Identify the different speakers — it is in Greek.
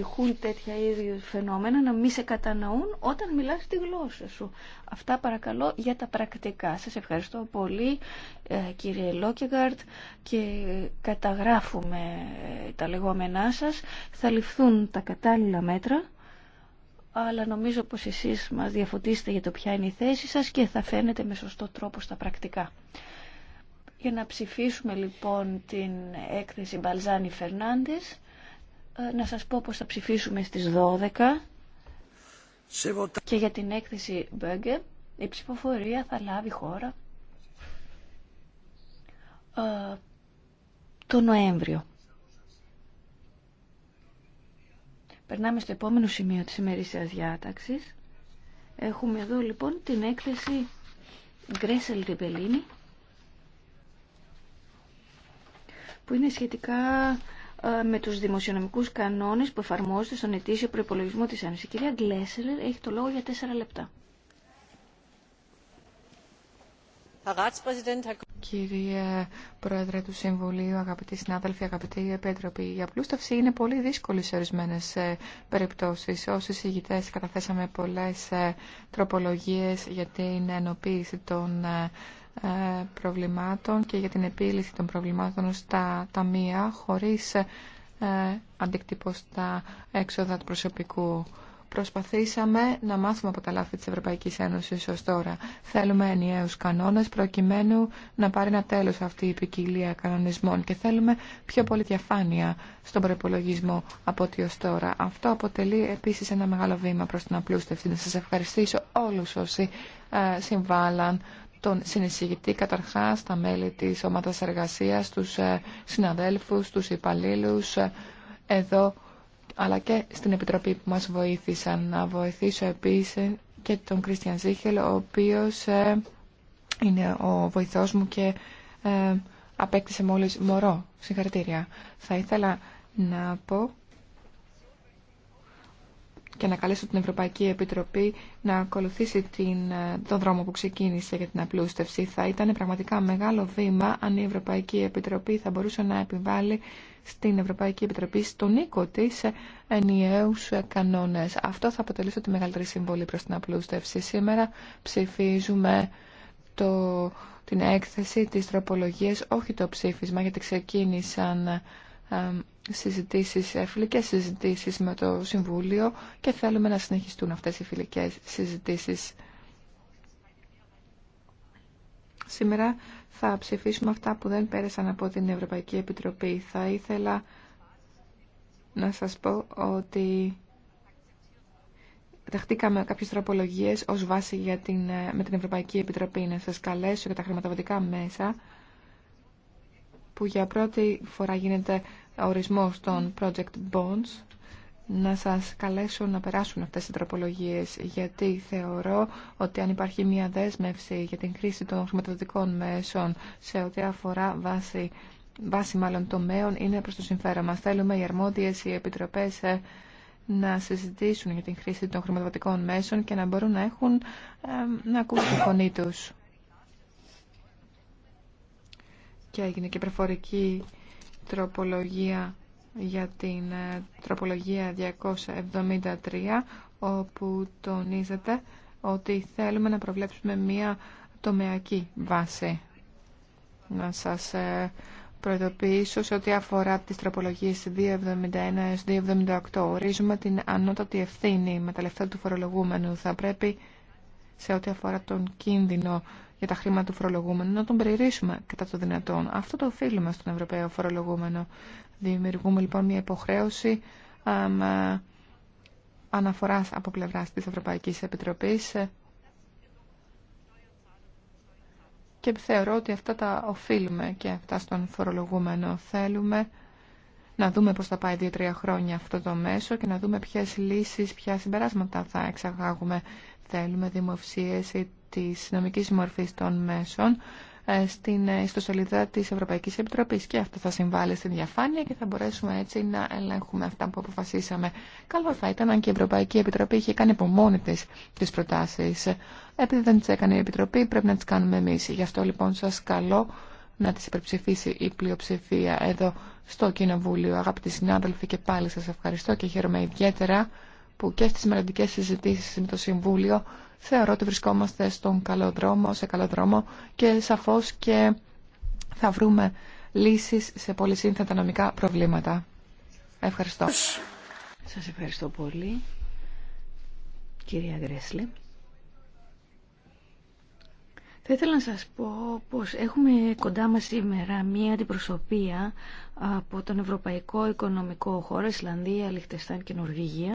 Speaker 1: ψυχούν τέτοια ίδια φαινόμενα να μη σε κατανοούν όταν μιλάς τη γλώσσα σου. Αυτά παρακαλώ για τα πρακτικά. Σας ευχαριστώ πολύ ε, κύριε Λόκεγκαρτ και καταγράφουμε ε, τα λεγόμενά σας. Θα ληφθούν τα κατάλληλα μέτρα αλλά νομίζω πως εσείς μας διαφωτίσετε για το ποια είναι η θέση σας και θα φαίνεται με σωστό τρόπο στα πρακτικά. Για να ψηφίσουμε λοιπόν την έκθεση Μπαλζάνη Φερνάντες ε, να σας πω πως θα ψηφίσουμε στις 12 και για την έκθεση Μπέγκε η ψηφοφορία θα λάβει χώρα ε, το Νοέμβριο. Περνάμε στο επόμενο σημείο της ημερήσιας διάταξης. Έχουμε εδώ λοιπόν την έκθεση Γκρέσελ Ριμπελίνη που είναι σχετικά ε, με τους δημοσιονομικούς κανόνες που εφαρμόζονται στον ετήσιο προϋπολογισμό της Ένωσης. Η κυρία Γκλέσσερ έχει το λόγο για τέσσερα λεπτά.
Speaker 2: Κύριε Πρόεδρε του Συμβουλίου, αγαπητοί συνάδελφοι, αγαπητοί επέτροποι, η απλούσταυση είναι πολύ δύσκολη σε ορισμένε περιπτώσει. Όσοι εισηγητέ, καταθέσαμε πολλέ ε, τροπολογίε για την ενοποίηση των ε, ε, προβλημάτων και για την επίλυση των προβλημάτων στα ταμεία χωρίς ε, αντίκτυπο στα έξοδα του προσωπικού. Προσπαθήσαμε να μάθουμε από τα λάθη της Ευρωπαϊκής Ένωσης ως τώρα. Θέλουμε ενιαίους κανόνες προκειμένου να πάρει ένα τέλος αυτή η ποικιλία κανονισμών και θέλουμε πιο πολύ διαφάνεια στον προπολογισμό από ό,τι ως τώρα. Αυτό αποτελεί επίσης ένα μεγάλο βήμα προς την απλούστευση. Να σας ευχαριστήσω όλους όσοι ε, συμβάλλαν τον συνεισηγητή καταρχάς, τα μέλη της ομάδας εργασίας, τους ε, συναδέλφους, τους υπαλλήλους ε, εδώ, αλλά και στην Επιτροπή που μας βοήθησαν. Να βοηθήσω επίσης και τον Κρίστιαν Ζίχελ, ο οποίος ε, είναι ο βοηθός μου και απέκτησε μόλις μωρό. Συγχαρητήρια. Θα ήθελα να πω και να καλέσω την Ευρωπαϊκή Επιτροπή να ακολουθήσει την, ε, τον δρόμο που ξεκίνησε για την απλούστευση. Θα ήταν πραγματικά μεγάλο βήμα αν η Ευρωπαϊκή Επιτροπή θα μπορούσε να επιβάλλει στην Ευρωπαϊκή Επιτροπή, στον οίκο τη, ε, ενιαίου ε, κανόνε. Αυτό θα αποτελέσει τη μεγαλύτερη συμβολή προ την απλούστευση. Σήμερα ψηφίζουμε το, την έκθεση, τη τροπολογία όχι το ψήφισμα, γιατί ξεκίνησαν συζητήσεις, ε, φιλικές συζητήσεις με το Συμβούλιο και θέλουμε να συνεχιστούν αυτές οι φιλικές συζητήσεις. Σήμερα θα ψηφίσουμε αυτά που δεν πέρασαν από την Ευρωπαϊκή Επιτροπή. Θα ήθελα να σας πω ότι δεχτήκαμε κάποιες τροπολογίες ως βάση για την, ε, με την Ευρωπαϊκή Επιτροπή να σας καλέσω για τα χρηματοδοτικά μέσα που για πρώτη φορά γίνεται ορισμός των project bonds να σας καλέσω να περάσουν αυτές οι τροπολογίες γιατί θεωρώ ότι αν υπάρχει μια δέσμευση για την κρίση των χρηματοδοτικών μέσων σε ό,τι αφορά βάση, βάση μάλλον τομέων είναι προς το συμφέρον μας. Θέλουμε οι αρμόδιες, οι επιτροπές ε, να συζητήσουν για την χρήση των χρηματοδοτικών μέσων και να μπορούν να έχουν ε, να ακούσουν τη φωνή τους. και έγινε και προφορική τροπολογία για την ε, τροπολογία 273 όπου τονίζεται ότι θέλουμε να προβλέψουμε μία τομεακή βάση. Να σας ε, προειδοποιήσω σε ό,τι αφορά τις τροπολογίες 271 278. Ορίζουμε την ανώτατη ευθύνη με τα λεφτά του φορολογούμενου. Θα πρέπει σε ό,τι αφορά τον κίνδυνο για τα χρήματα του φορολογούμενου, να τον περιορίσουμε κατά το δυνατόν. Αυτό το οφείλουμε στον Ευρωπαίο φορολογούμενο. Δημιουργούμε λοιπόν μια υποχρέωση αναφοράς από πλευράς της Ευρωπαϊκής Επιτροπής ε, και θεωρώ ότι αυτά τα οφείλουμε και αυτά στον φορολογούμενο θέλουμε να δούμε πώς θα πάει δύο-τρία χρόνια αυτό το μέσο και να δούμε ποιες λύσεις, ποια συμπεράσματα θα εξαγάγουμε. Θέλουμε δημοσίευση της νομικής μορφής των μέσων ε, στην ιστοσελίδα της Ευρωπαϊκής Επιτροπής και αυτό θα συμβάλλει στην διαφάνεια και θα μπορέσουμε έτσι να ελέγχουμε αυτά που αποφασίσαμε. Καλό θα ήταν αν και η Ευρωπαϊκή Επιτροπή είχε κάνει από μόνη της τις προτάσεις. Επειδή δεν τις έκανε η Επιτροπή πρέπει να τις κάνουμε εμείς. Γι' αυτό λοιπόν σας καλώ να τις υπερψηφίσει η πλειοψηφία εδώ στο Κοινοβούλιο. Αγαπητοί συνάδελφοι και πάλι σας ευχαριστώ και χαίρομαι ιδιαίτερα που και στις μελλοντικές συζητήσεις με το Συμβούλιο θεωρώ ότι βρισκόμαστε στον καλό δρόμο, σε καλό δρόμο και σαφώς και θα βρούμε λύσεις σε πολύ σύνθετα νομικά προβλήματα. Ευχαριστώ. Σας ευχαριστώ πολύ, κυρία Γκρέσλη.
Speaker 1: Θα ήθελα να σας πω πως έχουμε κοντά μας σήμερα μία αντιπροσωπεία από τον Ευρωπαϊκό Οικονομικό Χώρο, Ισλανδία, Λιχτεστάν και Νορβηγία.